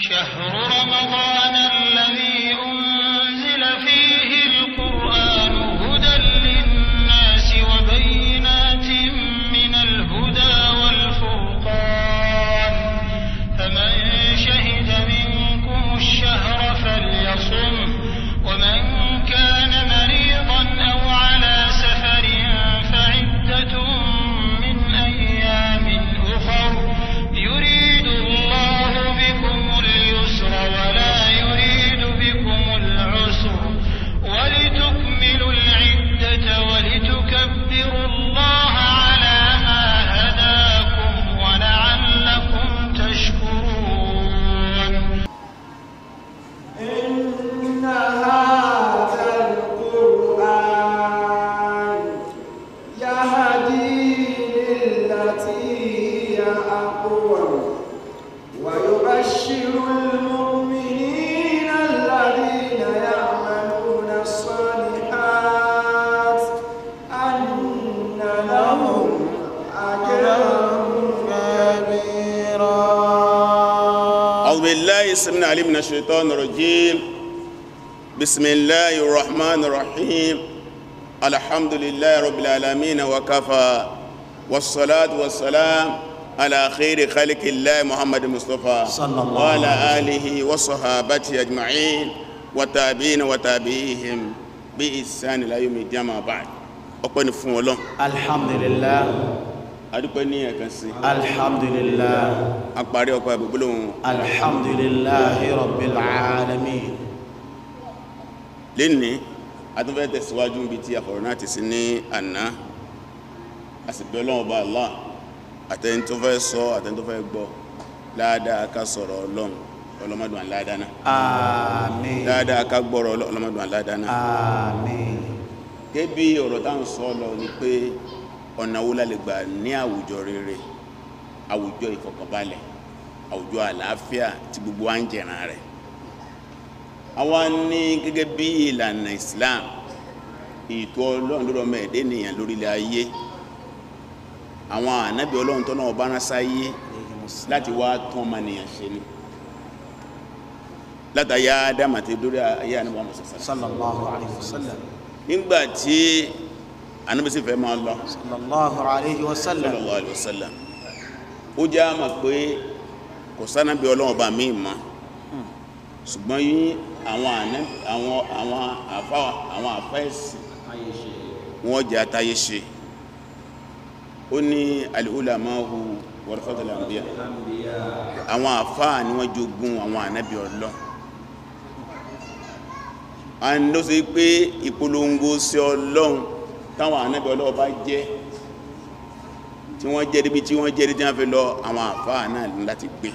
شهر رمضان الشيطان الرجيم بسم الله الرحمن الرحيم الحمد لله رب العالمين وكفى والصلاة والسلام على خير خلق الله محمد مصطفى صلى الله وعلى آله وصحابته أجمعين وتابين وتابيهم بإحسان لا يوم الجمعة بعد أقول فون الحمد لله adúpẹ́ ní ẹ̀kan sí alhamdulillah àparí ọkọ̀ ìbúgbólóhun alhamdulillahi rabbil alamin lẹ́ni a tún fẹ́ tẹ̀síwájú bí tí àkọ̀rọ̀ náà ti sí ní àná a sì bẹ́ ọlọ́run ọba Allah àtẹni tó fẹ́ sọ àtẹni tó fẹ́ gbọ́ láàdáa ká sọ̀rọ̀ ọlọ́run ọlọ́mọdún aládàáná àmín ká gbọ́rọ̀ ọlọ́mọdún aládàáná àmín ọ̀rọ̀ táwọn sọ lọ ni pé ọ̀nà wo la lè ní àwùjọ rere àwùjọ ìfọ̀kànbalẹ̀ àwùjọ àlàáfíà ti gbogbo wa rẹ̀ àwa ní gẹ́gẹ́ bí ìlànà Islam ètò ọlọ́run lọ́rọ̀ mẹ́ẹ̀dẹ́ lórílẹ̀ ayé àwọn ànábì ọlọ́run tọ́nà ọba rán sáyé láti wá tán ni anábì sì fẹ́ máa lọ sallallahu alayhi wa sallam sallallahu alayhi wa sallam ó jẹ́ àmà pé kò sánábì ọlọ́run ọba míì mọ́ ṣùgbọ́n yí àwọn àfá àwọn àfá ẹ̀sìn wọ́n jẹ́ àtayé ṣe ó ní al-ulama'u warathatul anbiya àwọn àfá ni wọ́n jogún àwọn ànábì ọlọ́run a ń lọ sí pé ìpolongo sí ọlọ́run táwọn ànábì Ọlọ́run bá jẹ́ tí wọ́n jẹ́ níbi tí wọ́n jẹ́ ní tí lọ àwọn àfáà náà láti gbé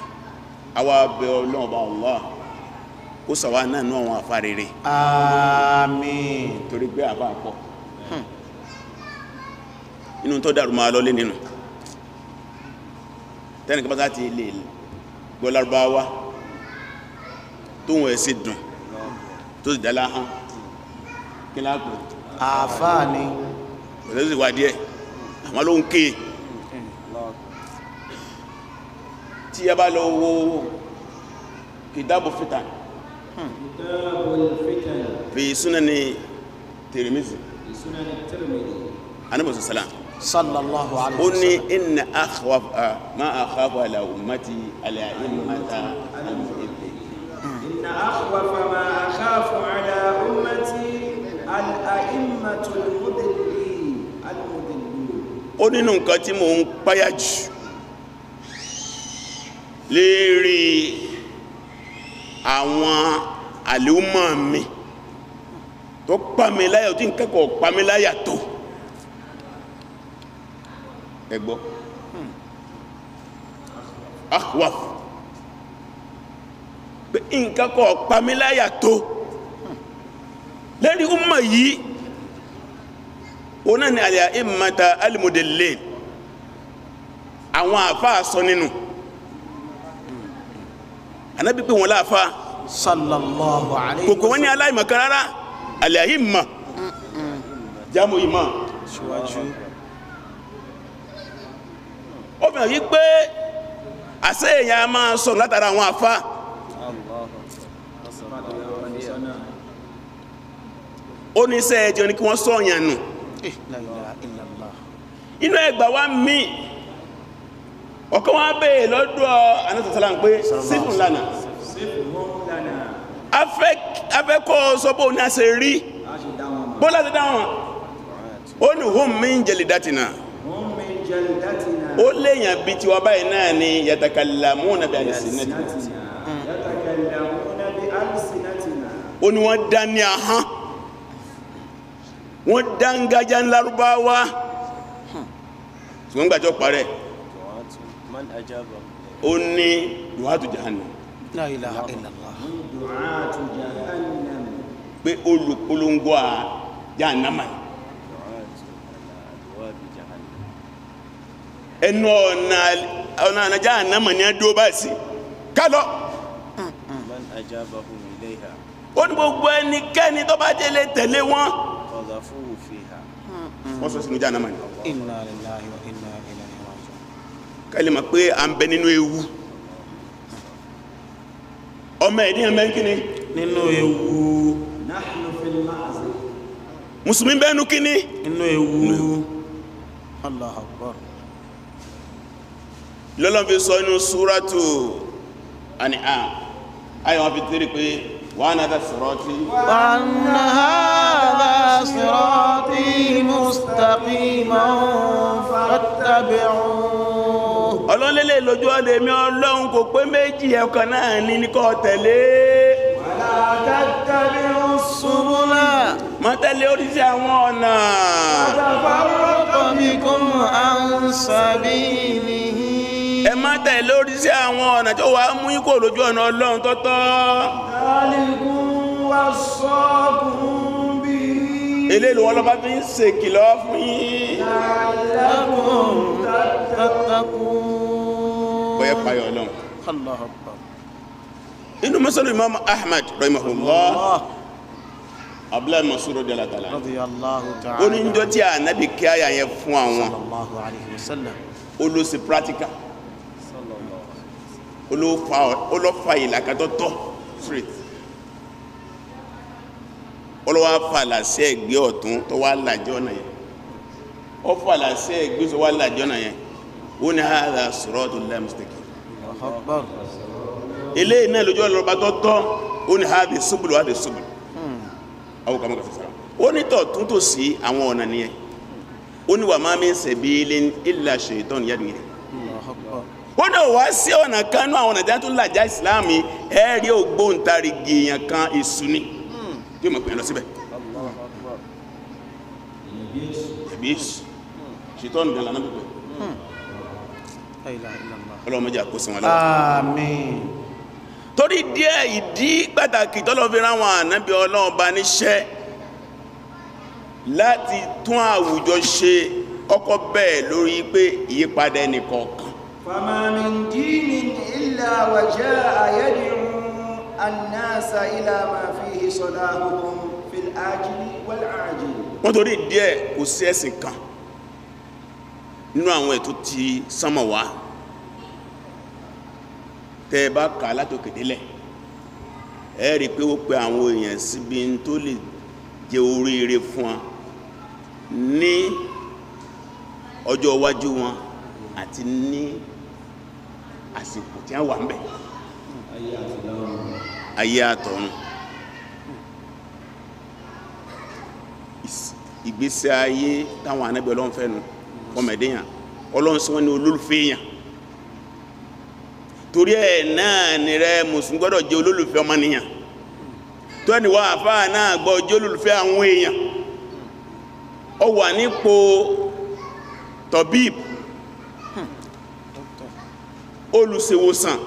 àwa bẹ̀ Ọlọ́run bá kó sàwà náà nú àwọn àfáà rere àmín torí pé àfáà pọ̀ inú tó dàrú máa lọ́lé nínú tẹ́nìkan ti lè gbọ́ tóhun ẹ̀sìn dùn tó sì dá láhán kí lápò àfáà ni ìrẹsì ìwádìí ẹ àwọn ló ń ké tí ẹ bá lọ wo kìdábò fitan fi sunani Tirmidhi anabi sallam sallallahu alaihi wasallam ó ní inna akhwafa ma akhafu ala ummati ala immata al-ibti inna akhwafa ma akhafu ala ummati al-a'immatul ó nínú nǹkan tí mo ń páyà jù lérí àwọn àlèúmọ̀ mi tó pàmìláyà tí nkẹ́kọ̀ọ́ pàmìláyà tó ẹgbọ́ akwá pé nkẹ́kọ̀ọ́ pàmìláyà tó lérí ọmọ yìí òun náà ni àlẹ́ ìmọ̀ta alimodelain àwọn àfáà sọ nínú anabi pé wọn láàfa alayhi kòkò wọn ní aláìmọ̀kan rárá àlẹ́ ìmọ̀ jámù ìmọ̀ síwájú ó fi hàn pé àṣẹ èèyàn máa sọ látara àwọn àfáà ó ní ni kí wọ́n sọ ọ̀yàn nù. Eh, inú ẹgbà wá mí ọ̀kan wá bèè lọ́dọ̀ anátàtàlá ń pé sífùn lánà afẹ́kọ́ sọpọ̀ ní a ṣe rí bó láti dáwọn ó ní hùn mí ń jẹlì dátìnà ó léyàn bí tiwa báyìí náà ni yàtàkàlàmúnà bí alìsìnàtìnà ó ní wọ́n wọ́n dángájá ńlárúbáwá ṣùgbọ́n gbàjọ́ parẹ́ ó ní duwatu jahannam la ilaha illallah pé olùpolongo à jahannama ẹnu ọ̀nà ọ̀nà àná jahannama ni a dúró báyìí sí kálọ̀ ó ní gbogbo ẹnikẹ́ni tó bá délé tẹ̀lé wọn. فأخلفوا فيها hmm. wọ́n sọ sínú jáàná mani. inna lillahi wa inna ilayhi raji'un. kálí ma pé à ń bẹ nínú ewu ọmọ ẹ̀ ní ẹ̀ mẹ́rin kíni. nínú ewu. nahnu fil ma'zil. mùsùlùmí bẹ́ẹ̀ nu kíni. nínú ewu. Allahu akbar. lọ́lọ́ fi sọ inú súrátù An'am ayọ̀ wọn fi tẹ́lẹ̀ pé. وأن هذا صراطي وأن هذا صراطي مستقيما فاتبعوه ọlọ́lẹ́lẹ́ lójú ọ̀nà èmi ọlọ́run kò pé méjì ẹ̀kan náà ní ní kọ́ tẹ̀lé má tẹ̀lé oríṣi àwọn ọ̀nà ẹ má tẹ̀lé oríṣi àwọn ọ̀nà tó wàá mú ikú lójú ọ̀nà ọlọ́run tọ́tọ́. خالق وصاكم به eléèlú wọn lọ́ba fi ń ṣe kìlọ̀ fún yín. la'allakum tattaqun. bóyá payọ̀ náà. Allahu Akbar. inú mọ́sálù imam ahmed rahimahullah abdullahi masuro de la tala. ó ní njọ́ tí anabi kí àyà yẹn fún àwọn. olùsí practical olófa ìlàkàtọ̀ tọ́. street olówó afàlà sí ẹ̀gbẹ́ ọ̀tún tó wá làjọ ọ̀nà yẹn ó fàlà sí ẹ̀gbẹ́ tó wá làjọ ọ̀nà yẹn ó ní hàrà sọ̀rọ̀tù lẹ́mùsítẹ́kì ilé iná lójú ọlọ́ba tó tọ́ ó ní hàbí súbùlù hàbí súbùlù hmm. àwọn kàmọ́ kàfẹ́ sára ó ní tọ̀ tún tò sí àwọn ọ̀nà nìyẹn ó ní mi ń ilé ṣètọ́ nìyẹn nìyẹn kódà wá sí ọ̀nà kan náà àwọn ọ̀nà tí wọ́n tún làjá ìsìláàmù ẹ̀ rí ògbóǹtarìgì èèyàn kan èṣù ni yóò mọ̀ pé ẹ lọ síbẹ̀ ẹ̀bí èṣù ṣètò ọ̀nà ìgbàlá náà pẹ̀lú ọlọ́mọdé àkóso wọn lọ́wọ́ àmín torí díẹ̀ ìdí pàtàkì tọ́lọ́fin ráwọn ànábì ọlọ́ọ̀ba níṣẹ́ láti tún àwùjọ ṣe ọkọ̀ bẹ́ẹ̀ lórí pé ìyípadà ẹnìkan فما من دين إلا وجاء يدعو الناس إلى ما فيه صلاحهم في الآجل والعاجل wọ́n torí díẹ̀ kò sí ẹ̀sìn kan nínú àwọn ètò ti sánmọ̀ wá tẹ́ ẹ bá kà látòkè délẹ̀ ẹ rí i pé ó pe àwọn èèyàn síbi tó lè jẹ oríire fún wa ní ọjọ́ iwájú wọn àti ní àsìkò tí wọ́n wà ń bẹ̀ ayé àtọ̀run ìgbésí ayé táwọn anábẹ́ ọlọ́run fẹ́ nu ọmọdéyàn ọlọ́run sọ wọn ní olólùfẹ́ yàn torí ẹ̀ náà ni rẹ mùsùlùmí gbọ́dọ̀ jẹ́ olólùfẹ́ ọmọnìyàn tó ẹni wá àfáà náà gbọ́ jẹ́ olólùfẹ́ àwọn èèyàn ọ wà nípò tọ̀bíìpù olùṣèwòsàn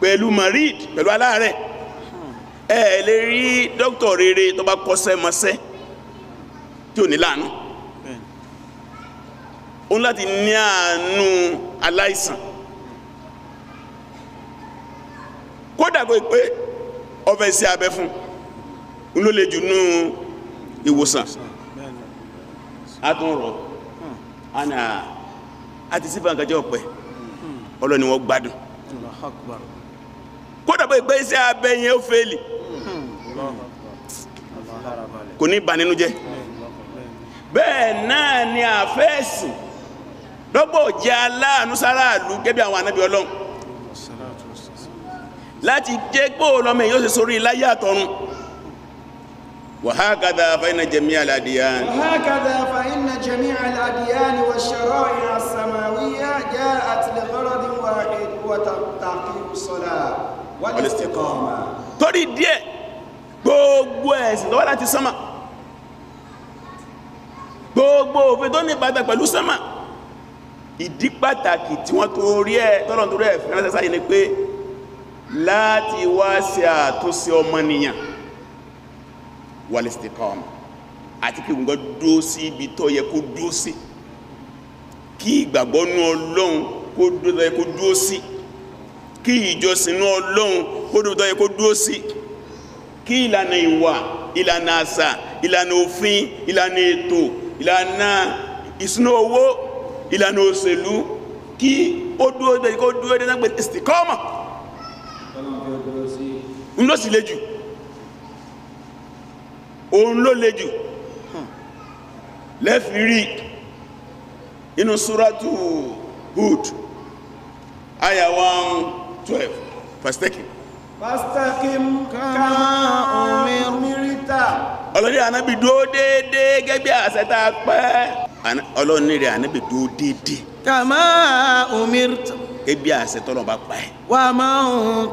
pẹ̀lú marid pẹ̀lú aláàárẹ̀ ẹ lè rí dókítà rere tó bá kọ́ṣẹ́ mọṣẹ́ tí ò ní láàánú òun láti ní àánú aláìsàn kódà kó pé ọfẹ sí abẹ fún un ló lè jù nú ìwòsàn a tún rọ àná àti sífà nǹkan jẹ́ ọ̀pẹ́ ọlọ́ni wọ́n gbádùn kódà bó ìgbé iṣẹ́ abẹ yẹn ó fẹ́ẹ̀lì kò ní ìbànújẹ́ bẹ́ẹ̀ náà ni àfẹ́ẹ̀sì lọ́gbọ̀ jẹ́ aláàánú sáráàlú gẹ́bí àwọn anábì ọlọ́run láti jẹ́ pé ọlọ́mọ èyí ṣe sórí láyé àtọ̀run وهكذا فإن جميع الأديان وهكذا فإن جميع الأديان والشرائع السماوية جاءت wal istiqama torí díẹ̀ gbogbo ẹ̀sìn lọ́wọ́ láti sánmà gbogbo òfin tó ní ìbàdàn pẹ̀lú sánmà ìdí pàtàkì tí wọ́n tó rí ẹ̀ tọ́lọ̀ tó rí ẹ̀ fẹ́ràn sẹ́sáyé ni pé láti wá ṣe àtúnṣe ọmọnìyàn wal istiqama àti kí nǹkan dúró sí ibi tó yẹ kó dúró sí kí ìgbàgbọ́ nú ọlọ́run kó dúró sí kí ìjọsìnú ọlọ́run kó dúró tó yẹ kó dúró sí kí ìlànà ìwà ìlànà àṣà ìlànà òfin ìlànà ètò ìlànà ìṣúná owó ìlànà òṣèlú kí ó dúró dé kó dúró dé dágbé istikọ́mọ̀ ń ló sì le jù òun ló le jù lẹ́fì rí inú súrátù Hud ayàwọn twelve fastaqim. fastaqim kama umirta. ọlọ́ni ànábì dúró déédéé gẹ́gẹ́ àṣẹ pẹ́. ọlọ́ni rẹ̀ ànábì dúró déédéé. kama umirta. gẹ́gẹ́ àṣẹ tọ́lọ̀ bá pa ẹ̀. wa man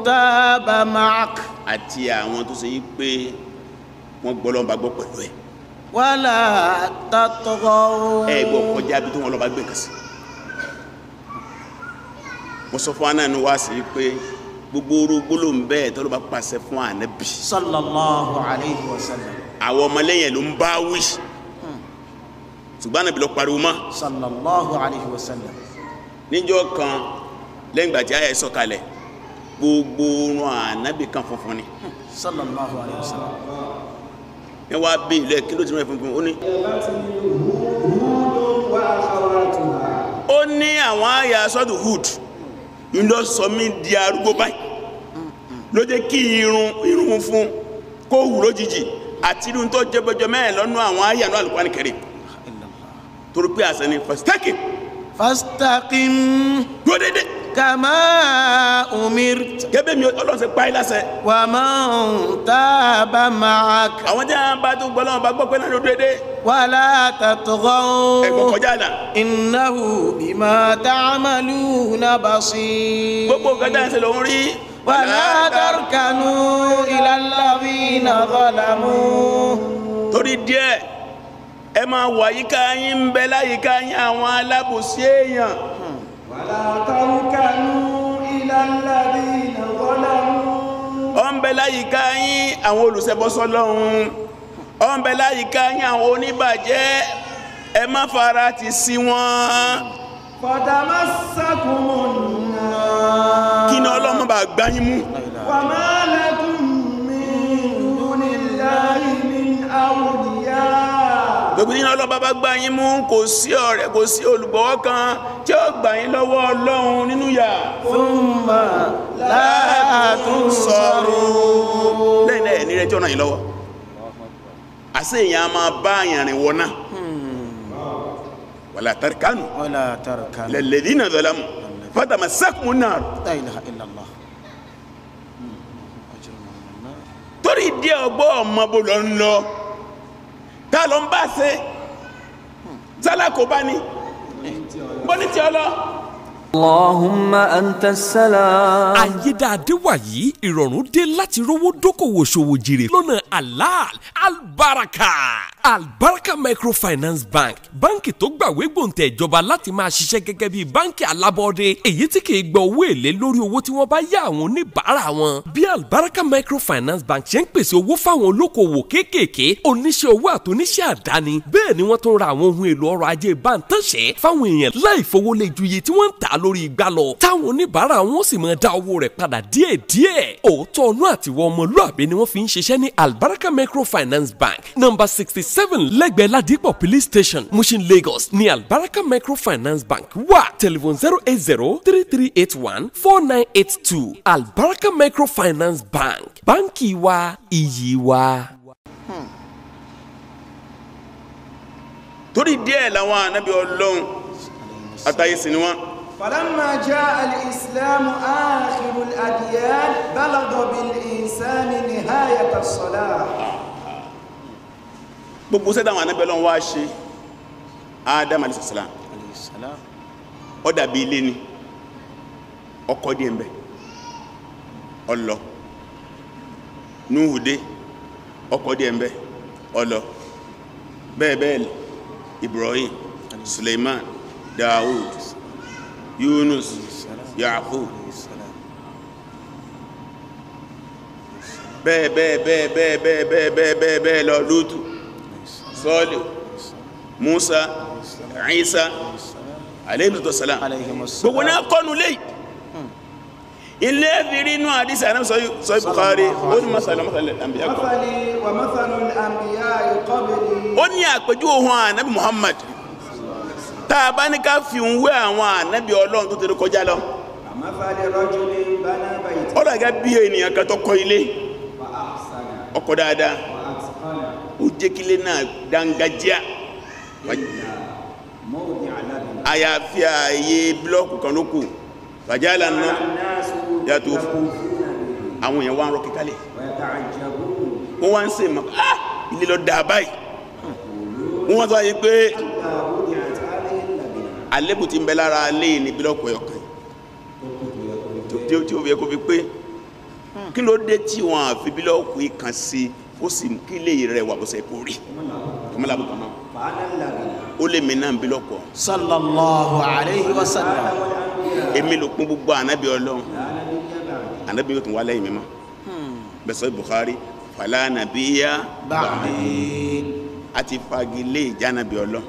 taba ma'ak. àti àwọn tó ṣe yí pé wọ́n gbọ́ lọ́nba gbọ́ pẹ̀lú ẹ̀. wala tatghaw. ẹ gbọ́ kọjá bí tó wọn lọ́ba gbé kàn mo sọ fún wa náà ní wá sí pé gbogbo orú gbólóhùn bẹ́ẹ̀ tó bá pàṣẹ fún ànábì. sallallahu alayhi wa sallam. àwọn ọmọlẹ́yìn ló ń bá wí hmm. ṣùgbọ́n ànábì ló pariwo mọ́. sallallahu alayhi wa sallam. níjọ́ kan lẹ́yìn ìgbà tí àyà sọ̀kalẹ̀ gbogbo orun ànábì kan funfun ni. Hmm. sallallahu alayhi wa sallam. ẹ wá bí ilé kí ló ti rán funfun ó ní. ó ní àwọn àyà sọ́dún hood ńlọ sọ di arúgbó báyìí ló jẹ́ kí irun irun fún kó wù lójijì àti irun tó jẹbọjọ mẹ́rin lọ́nà àwọn ayé àná Al-Qur'an torí pé àṣẹ ni fastaqim. fastaqim. gbódédé kàmá umir. gẹ́gẹ́ mi ọlọ́run ṣe pa ẹ́ lásẹ̀. wà á máa ń tá a bá máa kà. àwọn jẹ́ àwọn bá tó gbọ́ lọ́wọ́ bá gbọ́ pé náà ló dédé. wàhálà tàtúkọ́ o. ẹ̀gbọ́n kọjá la. innahu bima ta'maluna basir. gbogbo gàdá ẹsẹ̀ ló ń rí. wàhálà tarkanu ila alladhina torí díẹ̀ ẹ máa wà yíká yín ń bẹ láyìíká yín àwọn alábòsí èèyàn ọ̀nbẹ láyìíká yín àwọn olùṣẹbọsọ́lọ́hun ọ̀nbẹ láyìíká yín àwọn oníbàjẹ́ ẹ má fara ti sí wọn. fàdámà sákùnmọ̀ nù. kí ni ọlọ́mọba gbá yín mú. wàmẹ́ tòbí ní ọlọ́ba bá gbá yín mú kò sí ọ̀rẹ́ kò sí olùbọ̀wọ́ kan tí ó gbà yín lọ́wọ́ ọlọ́run nínú yà. fúnmà láàtún sọ̀rọ̀. lẹ́yìn náà ẹ̀ní rẹ tí yín lọ́wọ́ àṣé èèyàn máa bá àyàn wọ náà. Hmm. wàlá tarkanu. lẹ́lẹ́dí náà dọ̀lá mu fatama sẹ́kùn náà. torí díẹ̀ ọgbọ́ ọmọ bó lọ ń lọ tá lọ ń bá ṣe sálàkó bá ní bọ́ní tí ọ lọ. Allahumma anta salam. Àyédáadé wàyí ìrọ̀rùn dé láti rówó dókòwò ṣòwò jèrè lọ́nà àlàal albaraka albarka microfinance bank báǹkì tó gbàwé gbòǹtẹ̀ ìjọba láti máa ṣiṣẹ́ gẹ́gẹ́ bí báǹkì alábọ́ọ́dé èyí tí kì í gba owó èlé lórí owó tí wọ́n bá yá àwọn oníbàárà wọn. bí albarka microfinance bank ṣe ń pèsè owó fáwọn olókoòwò kéékèèké oníṣẹ́ owó àtúnṣe àdáni bẹ́ẹ̀ ni wọ́n tún ra àwọn ohun èlò ọrọ̀ ajé bántánṣẹ́ fáwọn èèyàn láì fowó lé ju iye tí wọ́n ń tà lórí igbá lọ táwọn oníbàárà microfinance bank number sixty seven lẹ́gbẹ̀ẹ́ ladipo police station mushin lagos ní albaraka microfinance bank wà telephone zero eight zero three three eight one four nine eight two albaraka microfinance bank báńkì wa iyì wa. torí díẹ̀ làwọn ànábì ọlọ́run àtàyè sí ni wọ́n. فلما جاء الإسلام آخر الأديان بلغ بالإنسان نهاية الصلاح gbogbo sẹ́dá àwọn anábẹ́ ọlọ́run wá ṣe adam alayhisalaam ó dàbí ilé ni ọkọ̀ díẹ̀ mbẹ́ ọlọ nuhude ọkọ̀ díẹ̀ mbẹ́ ọlọ bẹ́ẹ̀ bẹ́ẹ̀ lọ ibrahim suleiman daoud yunus yaqub bẹ́ẹ̀ bẹ́ẹ̀ bẹ́ẹ̀ bẹ́ẹ̀ bẹ́ẹ̀ bẹ́ẹ̀ bẹ́ẹ̀ lọ lótú sọ́ọ̀lù musa isa aleyhimuto salam gbogbo náà kọ́nu lè ilé fìrí inú àdísì àná sọ ibùkárí ó ní masalẹ̀ masalẹ̀ àmbíyá kọ́ ó ní àpèjú ohun ànábì muhammad tá a bá ní ká fi ó jẹ́ kílé náà dángájíà àyàfi ààyè blọ́ọ̀kù kan ló kù fàjálà náà yàtò àwọn èèyàn wá ń rọ́kí kálẹ̀ wọ́n wá ń ṣe mọ́ ah, ilé lọ dà báyìí wọ́n wá sọ pé àlébù ti ń bẹ lára alé ní blọ́ọ̀kù ọ̀kan tí ó fi ẹkọ́ fi pé hmm, kí ló dé tí wọ́n àfi blọ́ọ̀kù ìkan sí i ó sì kí lè rẹwà bó ṣe kó rí kọ́mọ́lá bó kọ́mọ́ ó lè mi náà ń bí lọ́kọ̀. sallallahu alayhi wa sallam. èmi ló kún gbogbo anabi ọlọ́run anabi yóò tún wá lẹ́yìn mi mọ́ hmm. bẹ́sọ̀ Bukhari fàlà nàbíyá bàbí àti fagilé ìjánabi ọlọ́run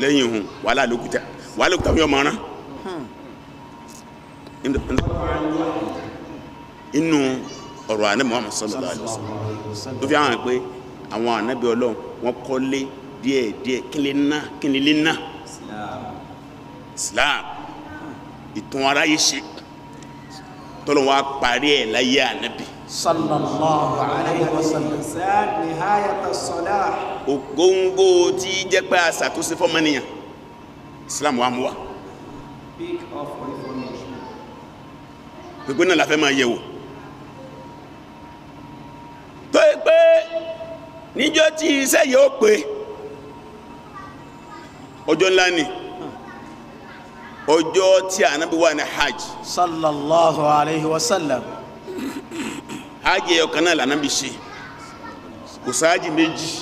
lẹ́yìn ìhùn wàhálà lókùtà wàhálà lókùtà fún yọ mọ́ràn hmm. inú ọ̀rọ̀ àná Muhammad sallallahu alaihi wasallam tó fi hàn pé àwọn ànábì ọlọ́run wọ́n kọ́lé díẹ̀ díẹ̀ kílé náà kílé lé náà Islam ìtàn aráyé ṣe tọ́lọ́ wa parí ẹ̀ láyé ànábì. sallallahu alaihi wasallam nihayata salah. ògóńgó tí jẹ́ pé àṣà tó ṣe fọ́mọnìyàn Islam wa mú wa. peak náà la fẹ́ máa yẹ̀ wò. níjọ́ tí iṣẹ́ yóò pé ọjọ́ ńlá ni ọjọ́ tí ànábì wà ní hajj. sallallahu alayhi wa sallam. hajj ẹ̀yọ̀ kan náà lànàbí ṣe kò sáájì méjì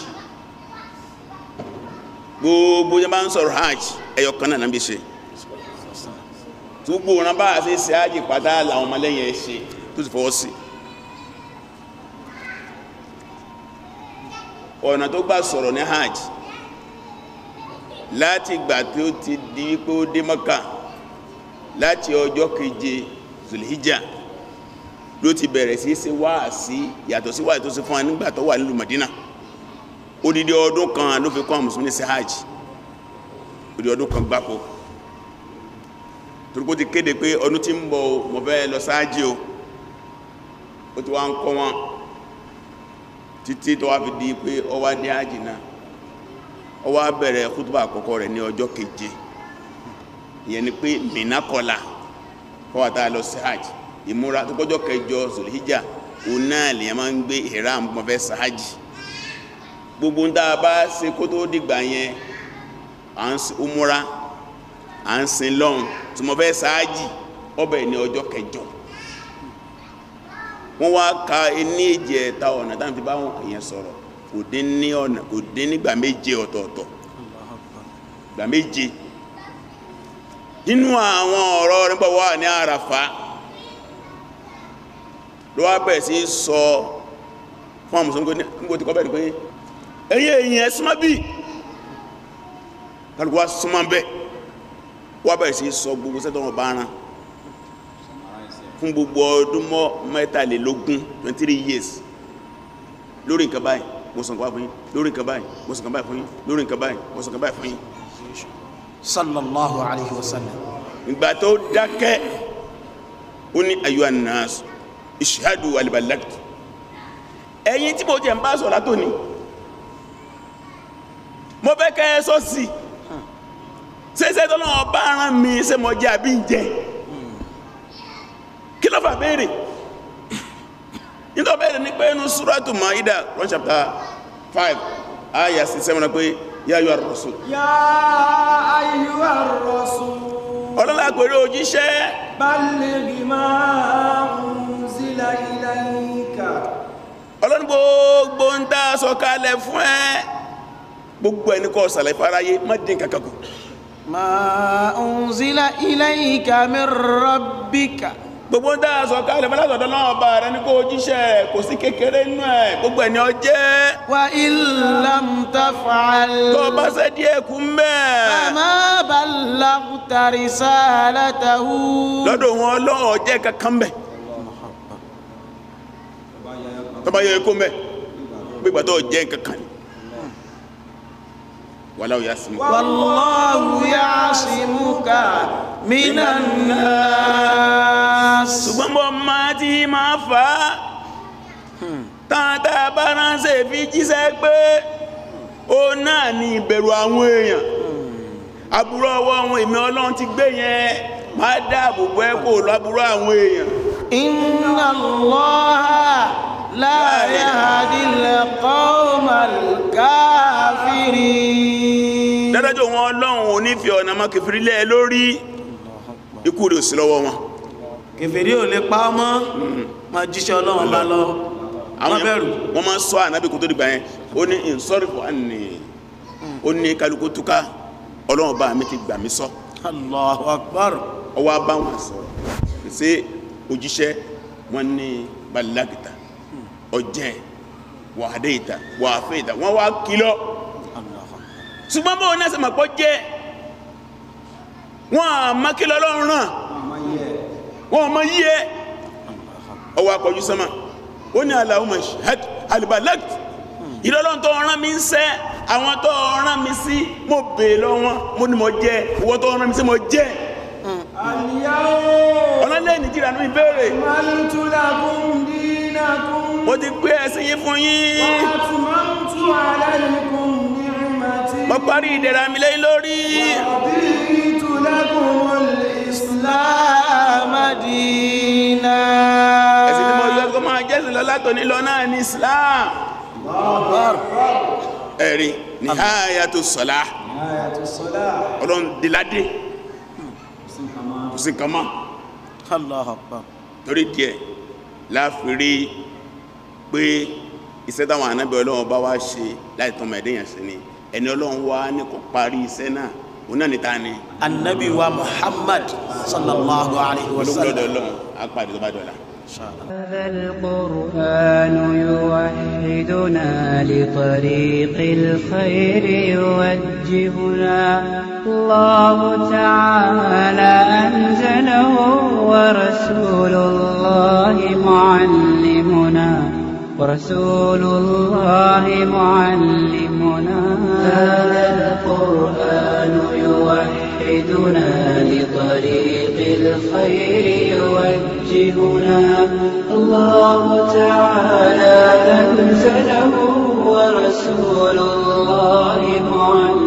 gbogbo yẹn bá ń sọ̀rọ̀ hajj ẹ̀yọ̀ kan náà lànàbí ṣe túgbò rán bá a ṣe ṣe hajj pátá làwọn ọmọlẹ́yìn ẹ̀ ṣe tó ti fọwọ́ sí i. ọ̀nà tó gbà sọ̀rọ̀ ní hajj láti ìgbà tí ó ti di wípé ó dé Mọ́kà láti ọjọ́ keje zulhijjah ló ti bẹ̀rẹ̀ sí ṣe wáàsí yàtọ̀ sí wáàsí tó ṣe fún nígbà wà nílùú Madina odidi ọdún kan ló fi kọ́ mùsùlùmí sí hajj odidi ọdún kan gbáko torípó ti kéde pé ọdún tí ń bọ̀ mo lọ sáájì o ó ti wá ń kọ́ wọn títí tó wá fi di pé ó wá dé ájì náà ó wá bẹ̀rẹ̀ kútùbà àkọ́kọ́ rẹ̀ ní ọjọ́ keje ìyẹn ni pé Mínà kọlà fọwọ́ tá a lọ sí ájì ìmúra tó kọjọ́ kẹjọ zulhijjá òun náà lèyàn máa ń gbé ìhram mọ́ fẹ́ sáájì gbogbo ń dáa bá ṣe kó tó dìgbà yẹn à ń múra à ń sin lọ́hùn tí mo fẹ́ sáájì ọbẹ̀ ní ọjọ́ kẹjọ wọ́n wá ka e ní èjì ẹ̀ta ọ̀nà táwọn fi bá wọn èèyàn sọ̀rọ̀ kò dín ní ọ̀nà kò dín nígbà méje ọ̀tọ̀ọ̀tọ̀ gbà méje nínú àwọn ọ̀rọ̀ wà ní àràfà ló wá bẹ̀rẹ̀ sí sọ fún àmùsùn nígbò tí kọ́ bẹ̀rẹ̀ pé ẹyẹ èèyàn súnmọ́ bí kálukú wá súnmọ́ sọ gbogbo sẹ́tọ̀ wọn bá fún gbogbo ọdún mọ́ mẹ́tàlélógún 23 years lórí nǹkan báyìí mo sọ báyìí lórí nǹkan báyìí mo sọ báyìí fún yín lórí nǹkan báyìí mo sọ báyìí fún yín. sallallahu alayhi wa sallam. ìgbà tó dákẹ́ ó ní ayuha nas ishadu alibalakt ẹ̀yin tí mo jẹ́ ń bá sọ látòní mo fẹ́ kẹ́ ẹ sọ sí ṣé ṣé tó náà bá rán mi ṣé mo jẹ́ àbí ń jẹ́ fà béèrè nítorí bẹ́ẹ̀ ni pé inú súrátù Maida Quran chapter five ayà sí sẹ́wọ́n náà pé yá yọ ar-rasul. yá ayọ ar-rasul. ọlọ́lá pẹ̀lú òjíṣẹ́. balligh ma unzila ilayka. ọlọ́ni gbogbo ń tá a sọ kalẹ̀ fún ẹ gbogbo ẹni kọ́ sàlẹ̀ fáráyé má dín kankan kù. ma unzila ilayka min rabbika gbogbo ń dáa sọ káàlẹ̀ mọ́lásọ̀dọ́ náà bá rẹ ní kó jíṣẹ́ rẹ̀ kò sí kékeré nínú ẹ̀ gbogbo ẹ̀ ni ọ jẹ́. wa illam taf'al. tó o bá ṣe díẹ̀ kú mẹ́. fama ballaghta risalatahu. lọ́dọ̀ wọn lọ́wọ́ jẹ́ kankan mẹ́. tó bá yẹ kó mẹ́ gbígbà tó jẹ́ kankan ni. walau yasmu. wallahu ya'simuka minan nas ṣùgbọ́n bọ́ máa ti máa fà á tààtà báránṣẹ́ fi jíṣẹ́ pé ó náà ní ìbẹ̀rù àwọn èèyàn àbúrò ọwọ́ ohun èmi ọlọ́run ti gbé yẹn máa dáàbò bò ẹ́ lábúrò àwọn èèyàn. inna Allaha la yahdil qawmal kafirin. dáadájọ́ wọn ọlọ́run ò ní fi ọ̀nà mọ́kẹ́fìrí lé lórí ikú rẹ̀ sí lọ́wọ́ wọn kèfèrí ò lè pa ọmọ ma jíṣẹ́ ọlọ́run bá lọ àwọn bẹ̀rù wọ́n máa sọ ànábì kò tó dìgbà yẹn ó ní ìsọ́rìfọ́ àní ó ní kálukú túká ọlọ́run bá mi ti gbà mí sọ Akbar ọwọ́ bá wọn sọ ṣe òjíṣẹ́ wọn ní balagita ọjẹ́ wàhádẹ́ìta wàhàfẹ́ìta wọ́n wá kìlọ̀ ṣùgbọ́n bọ́ọ̀ náà sọ màpọ̀ jẹ́ wọ́n àmákìlọ́ ọlọ́run náà wọn ò mọ yí akọjú sánmà ó ní Allahumma shahad alibalak ìrọ̀lọ́n tó rán mi ń sẹ́ àwọn tó rán mi sí mo bèè lọ mo ní mo jẹ owó tó rán mi sí mo jẹ ọlọ́lẹ̀ nìjíríà ní ìbéèrè mo ti pé ẹ̀sìn yín fún yín mo parí ìdẹ̀ra mi lé lórí. wàá bí ìtura wọlé Islam. látòní lọ náà ní Islam ẹ̀rí nihayatu salah ọlọ́run dìládé kò sí kàmá torí díẹ̀ láfírí pé iṣẹ́ táwọn ànábì ọlọ́run bá wá ṣe láì tán mẹ́ẹ̀dẹ́yàn sí ni ẹni ọlọ́run wá ní kò parí iṣẹ́ náà òun náà ni ni. annabi muhammad sallallahu alaihi wasallam. olùkọ́ lọ́dọ̀ ọlọ́run á tó bá dọ̀la. هذا القرآن يوحدنا لطريق الخير يوجهنا الله تعالى أنزله ورسول الله معلمنا ورسول الله معلمنا هذا القرآن يوحدنا لطريق طريق الخير يوجهنا الله تعالى أنزله ورسول الله معلم